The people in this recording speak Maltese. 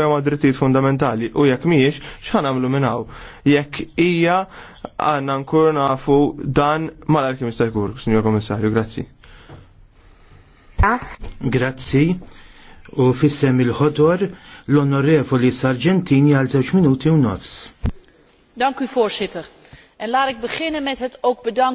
jew drittijiet fundamentali u jekk miex x'ħan għamlu minnaw Jekk ija għanna nkur nafu dan mal-arki jista' jkun, Sinjor komissarju grazzi. Grazzi. U fissem il-ħodor l-onorevoli Sargentini għal żewġ minuti u nofs. Dank u voorzitter. En laat ik beginnen met het ook bedanken.